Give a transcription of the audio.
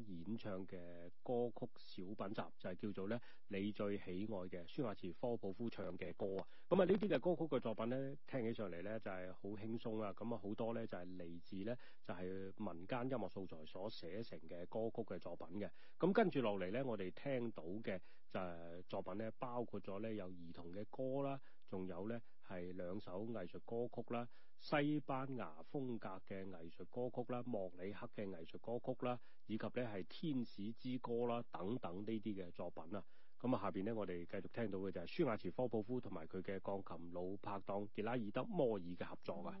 演唱嘅歌曲小品集就係叫做咧你最喜愛嘅舒華茨科普夫唱嘅歌啊！咁啊呢啲嘅歌曲嘅作品咧聽起上嚟咧就係好輕鬆啦，咁啊好多咧就係嚟自咧就係民間音樂素材所寫成嘅歌曲嘅作品嘅。咁跟住落嚟咧，我哋聽到嘅就係作品咧，包括咗咧有兒童嘅歌啦。仲有咧係兩首藝術歌曲啦，西班牙風格嘅藝術歌曲啦，莫里克嘅藝術歌曲啦，以及咧係天使之歌啦等等呢啲嘅作品啊。咁、嗯、啊，下邊咧我哋繼續聽到嘅就係舒雅慈科普夫同埋佢嘅鋼琴老拍檔傑拉爾德摩爾嘅合作啊。